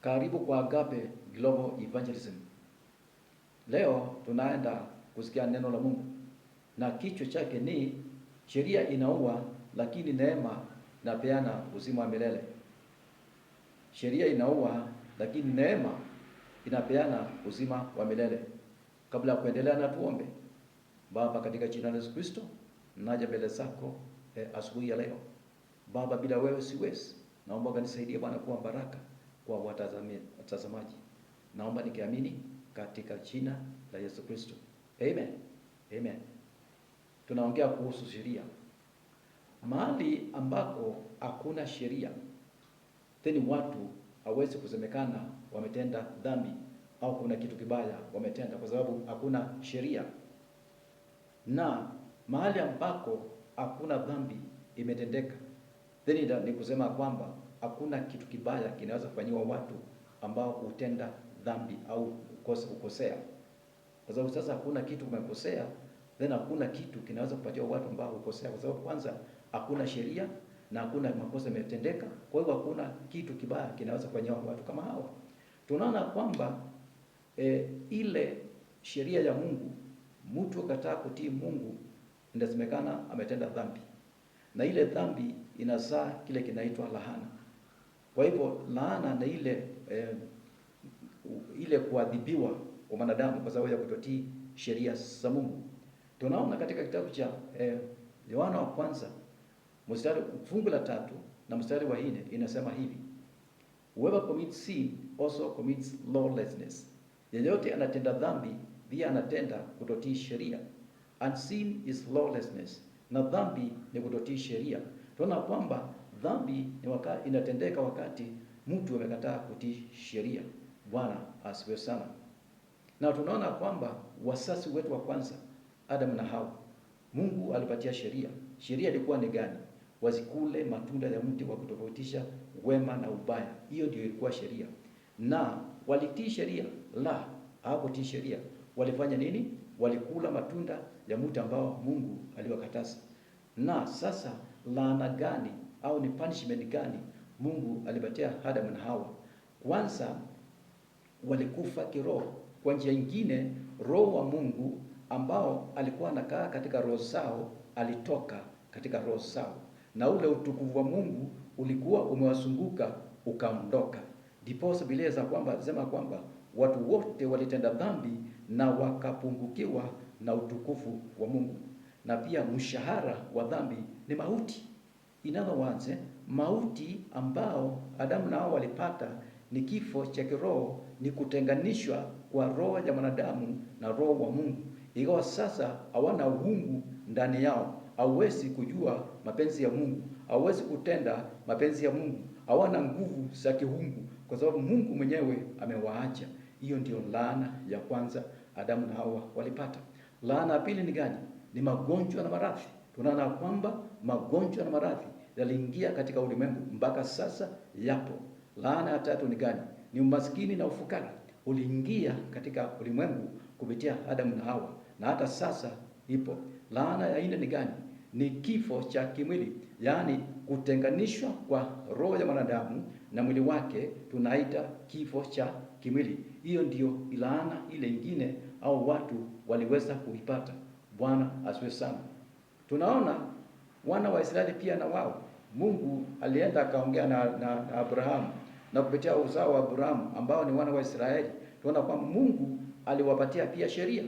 Karibu kwa Agape Global Evangelism. Leo tunaenda kusikia neno la Mungu na kichwa chake ni sheria inaua, lakini neema inapeana uzima wa milele. Sheria inaua, lakini neema inapeana uzima wa milele. Kabla ya kuendelea, na tuombe. Baba, katika jina la Yesu Kristo, naja mbele zako eh, asubuhi ya leo Baba, bila wewe siwezi. Naomba unisaidie Bwana kuwa baraka kwa watazamaji. Naomba nikiamini katika jina la Yesu Kristo. Amen. Amen. Tunaongea kuhusu sheria. Mahali ambako hakuna sheria, then watu hawezi kusemekana wametenda dhambi au kuna kitu kibaya wametenda, kwa sababu hakuna sheria. Na mahali ambako hakuna dhambi imetendeka, then ni kusema kwamba hakuna kitu kibaya kinaweza kufanyiwa watu ambao hutenda dhambi au kukosea. Kwa sababu sasa hakuna kitu umekosea, then hakuna kitu kinaweza kupatiwa watu ambao hukosea, kwa sababu kwanza hakuna sheria na hakuna makosa yametendeka. Kwa hiyo hakuna kitu kibaya kinaweza kufanyiwa watu kama hawa. Tunaona kwamba e, ile sheria ya Mungu, mtu akataa kutii Mungu, ndasemekana ametenda dhambi, na ile dhambi inazaa kile kinaitwa lahana. Kwa hivyo laana na ile eh, ile kuadhibiwa kwa mwanadamu kwa sababu ya kutotii sheria za Mungu. Tunaona katika kitabu cha eh, Yohana wa kwanza mstari fungu la tatu na mstari wa nne inasema hivi, whoever commits sin also commits lawlessness, yeyote anatenda dhambi pia anatenda kutotii sheria, and sin is lawlessness, na dhambi ni kutotii sheria. Tunaona kwamba dhambi ni wakati, inatendeka wakati mtu amekataa kutii sheria. Bwana asiwe sana. Na tunaona kwamba wasasi wetu wa kwanza Adam na Hawa, Mungu alipatia sheria. Sheria ilikuwa ni gani? wazikule matunda ya mti wa kutofautisha wema na ubaya. Hiyo ndio ilikuwa sheria, na walitii sheria la hawakutii sheria, walifanya nini? Walikula matunda ya mti ambao Mungu aliwakataza. Na sasa laana gani au ni punishment gani Mungu alipatia Adam na Hawa? Kwanza walikufa kiroho. Kwa njia nyingine, roho wa Mungu ambao alikuwa anakaa katika roho zao alitoka katika roho zao, na ule utukufu wa Mungu ulikuwa umewazunguka ukaondoka. Ndipo Biblia kwamba sema kwamba watu wote walitenda dhambi na wakapungukiwa na utukufu wa Mungu, na pia mshahara wa dhambi ni mauti. In other words, eh, mauti ambao Adamu na Hawa walipata ni kifo cha kiroho, ni kutenganishwa kwa roho ya mwanadamu na roho wa Mungu, ingawa sasa hawana uungu ndani yao. Hawezi kujua mapenzi ya Mungu, hawezi kutenda mapenzi ya Mungu, hawana nguvu za kiungu kwa sababu Mungu mwenyewe amewaacha. Hiyo ndio laana ya kwanza Adamu na Hawa walipata. Laana ya pili ni gani? Ni magonjwa na maradhi tunaona kwamba magonjwa na maradhi yaliingia katika ulimwengu, mpaka sasa yapo. Laana ya tatu ni gani? Ni umaskini na ufukara uliingia katika ulimwengu kupitia Adamu na Hawa, na hata sasa ipo. Laana ya nne ni gani? Ni kifo cha kimwili, yaani kutenganishwa kwa roho ya mwanadamu na mwili wake, tunaita kifo cha kimwili. Hiyo ndiyo laana ile ingine, au watu waliweza kuipata. Bwana asiwe sana. Tunaona wana wa Israeli pia na wao Mungu alienda akaongea na, na, na Abrahamu na kupitia uzao wa Abrahamu ambao ni wana wa Israeli, tunaona kwamba Mungu aliwapatia pia sheria.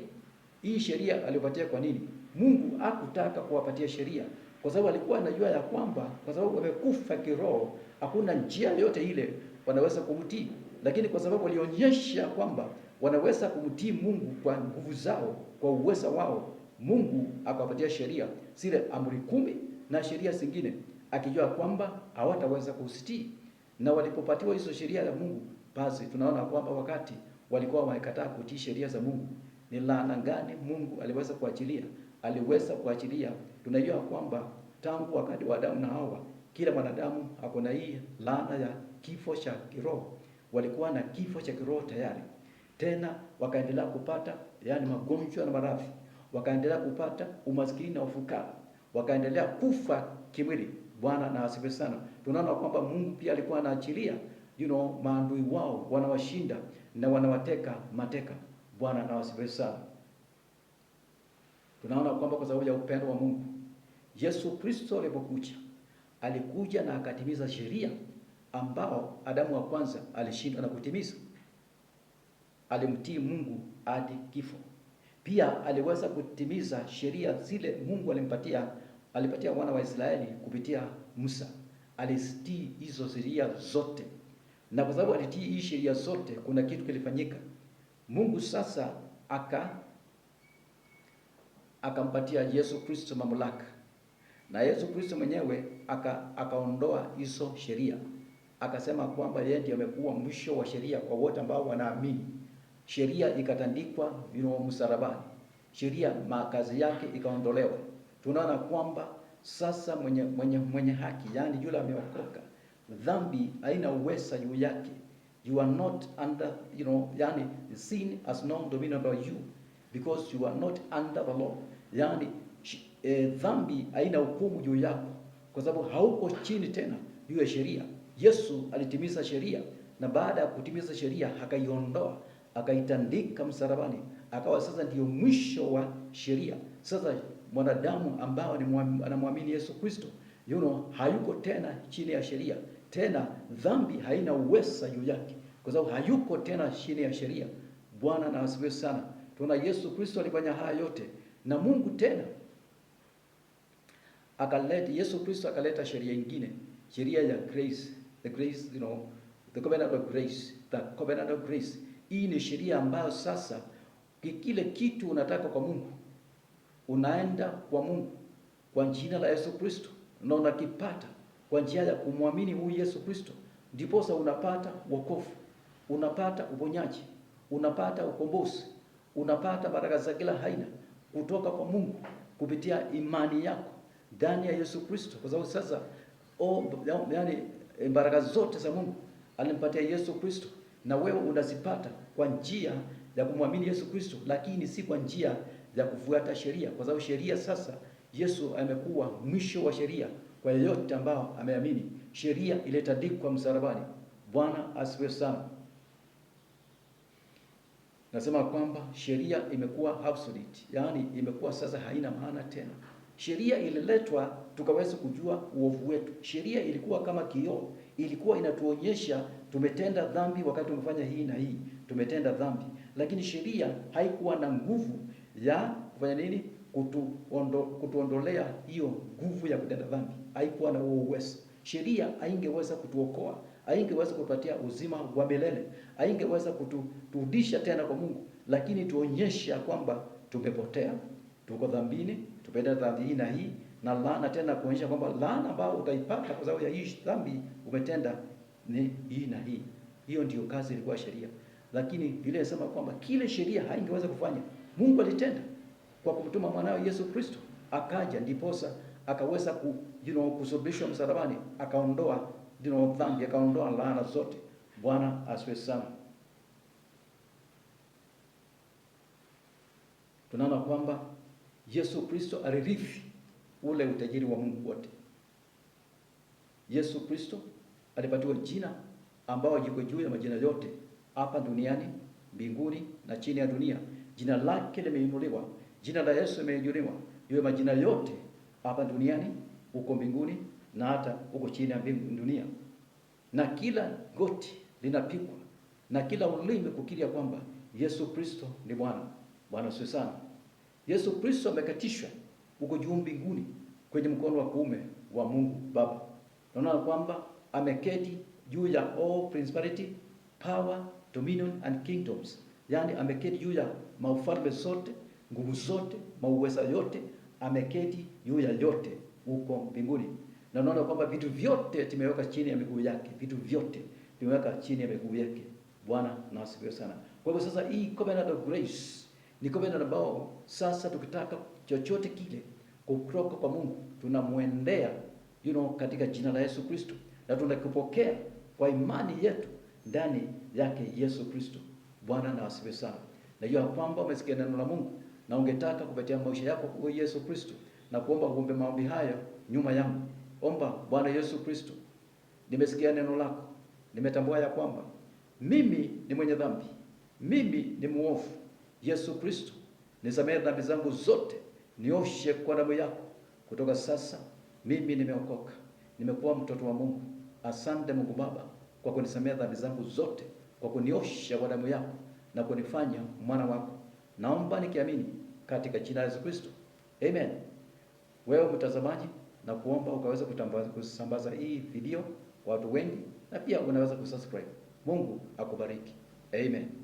Hii sheria aliwapatia kwa nini? Mungu hakutaka kuwapatia sheria kwa sababu alikuwa anajua ya kwamba kwa sababu wamekufa kiroho, hakuna njia yote ile wanaweza kumtii, lakini kwa sababu walionyesha kwamba wanaweza kumtii Mungu kwa nguvu zao, kwa uwezo wao Mungu akawapatia sheria zile amri kumi na sheria zingine, akijua kwamba hawataweza kuzitii. Na walipopatiwa hizo sheria za Mungu, basi tunaona kwamba wakati walikuwa wamekataa kutii sheria za Mungu, ni laana gani Mungu aliweza kuachilia? Aliweza kuachilia. Tunajua kwamba tangu wakati wa Adamu na Hawa, kila mwanadamu ako na hii laana ya kifo cha kiroho. Walikuwa na kifo cha kiroho tayari, tena wakaendelea kupata yani magonjwa na maradhi wakaendelea kupata umaskini na ufukara, wakaendelea kufa kimwili. Bwana na asifiwe sana. Tunaona kwamba Mungu pia alikuwa anaachilia you know, maadui wao wanawashinda na wanawateka mateka. Bwana na asifiwe sana. Tunaona kwamba kwa sababu ya upendo wa Mungu, Yesu Kristo alipokuja alikuja na akatimiza sheria ambao Adamu wa kwanza alishindwa na kutimiza. Alimtii Mungu hadi kifo. Pia aliweza kutimiza sheria zile Mungu alimpatia alipatia wana wa Israeli kupitia Musa. Alizitii hizo sheria zote, na kwa sababu alitii hii sheria zote, kuna kitu kilifanyika. Mungu sasa aka akampatia Yesu Kristo mamlaka, na Yesu Kristo mwenyewe aka akaondoa hizo sheria, akasema kwamba yeye ndiye amekuwa mwisho wa sheria kwa wote ambao wanaamini sheria ikatandikwa viungo msalabani, sheria makazi yake ikaondolewa. Tunaona kwamba sasa mwenye, mwenye, mwenye haki yani yule ameokoka, dhambi haina uweza juu yake. You are not under you know, yani sin as no dominion over you because you are not under the law, yani e, dhambi haina hukumu juu yako kwa sababu hauko chini tena juu ya sheria. Yesu alitimiza sheria na baada ya kutimiza sheria akaiondoa akaitandika msalabani, akawa sasa ndiyo mwisho wa sheria. Sasa mwanadamu ambao anamwamini Yesu Kristo you know, hayuko tena chini ya sheria tena, dhambi haina uwesa juu yake, kwa sababu hayuko tena chini ya sheria. Bwana na asifiwe sana. Tuna Yesu Kristo alifanya haya yote, na Mungu tena akaleta Yesu Kristo akaleta sheria nyingine, sheria ya grace, the grace you know, the covenant of grace, the covenant of grace hii ni sheria ambayo sasa kile kitu unataka kwa Mungu unaenda kwa Mungu kwa jina la Yesu Kristo na unakipata kwa njia ya kumwamini huyu Yesu Kristo, ndiposa unapata wokovu, unapata uponyaji, unapata ukombozi, unapata baraka za kila aina kutoka kwa Mungu kupitia imani yako ndani ya Yesu Kristo, kwa sababu sasa o, yani baraka zote za Mungu alimpatia Yesu Kristo na wewe unazipata kwa njia ya kumwamini Yesu Kristo, lakini si kwa njia ya kufuata sheria, kwa sababu sheria sasa, Yesu amekuwa mwisho wa sheria kwa yeyote ambao ameamini. Sheria ilitandikwa msalabani. Bwana asifiwe sana. Nasema kwamba sheria imekuwa obsolete, yaani imekuwa sasa haina maana tena. Sheria ililetwa tukaweza kujua uovu wetu. Sheria ilikuwa kama kioo ilikuwa inatuonyesha tumetenda dhambi wakati tumefanya hii na hii, tumetenda dhambi, lakini sheria haikuwa na nguvu ya kufanya nini? Kutuondo, kutuondolea hiyo nguvu ya kutenda dhambi, haikuwa na huo uwezo. Sheria haingeweza kutuokoa, haingeweza kutupatia uzima wa milele, haingeweza kuturudisha tena kwa Mungu, lakini tuonyesha kwamba tumepotea, tuko dhambini, tumetenda dhambi hii na hii na laana tena kuonyesha kwamba laana ambayo utaipata kwa sababu ya hii dhambi umetenda ni hii na hii. Hiyo ndiyo kazi ilikuwa sheria, lakini vile inasema kwamba kile sheria haingeweza kufanya, Mungu alitenda kwa kumtuma mwanawe Yesu Kristo, akaja ndiposa akaweza ku, you know, kusubishwa msalabani, akaondoa you know, dhambi, akaondoa laana zote. Bwana asiwe sana. Tunaona kwamba Yesu Kristo alirithi ule utajiri wa Mungu wote. Yesu Kristo alipatiwa jina ambao jiko juu ya majina yote hapa duniani, mbinguni na chini ya dunia. Jina lake limeinuliwa, jina la Yesu limeinuliwa juu ya majina yote hapa duniani, huko mbinguni na hata huko chini ya dunia, na kila goti linapigwa na kila ulimi kukiria kwamba Yesu Kristo ni Bwana. Bwana sio sana. Yesu Kristo amekatishwa uko juu mbinguni kwenye mkono wa kuume wa Mungu Baba. Naona kwamba ameketi juu ya all principality, power, dominion and kingdoms, yaani ameketi juu ya maufalme zote, nguvu zote, mauweza yote, ameketi juu ya yote huko mbinguni. Na naona kwamba vitu vyote tumeweka chini ya miguu yake, vitu vyote tumeweka chini ya miguu yake. Bwana na sana. Kwa hivyo sasa hii covenant of grace ni kwa na bao. sasa tukitaka chochote kile kutoka kwa Mungu tunamwendea you know, katika jina la Yesu Kristo na tunakipokea kwa imani yetu ndani yake Yesu Kristo. Bwana na wasifiwe sana. Najua kwamba umesikia neno la Mungu na ungetaka kupatia maisha yako kwa Yesu Kristo na kuomba uombe maombi haya nyuma yangu. Omba, Bwana Yesu Kristo, nimesikia neno lako, nimetambua ya kwamba mimi ni mwenye dhambi, mimi ni muovu Yesu Kristo, nisamehe dhambi zangu zote, nioshe kwa damu yako. Kutoka sasa mimi nimeokoka, nimekuwa mtoto wa Mungu. Asante Mungu Baba kwa kunisamehe dhambi zangu zote, kwa kuniosha kwa damu yako na kunifanya mwana wako. Naomba nikiamini katika jina la Yesu Kristo, amen. Wewe mtazamaji, na kuomba ukaweza kusambaza hii video kwa watu wengi, na pia unaweza kusubscribe. Mungu akubariki, amen.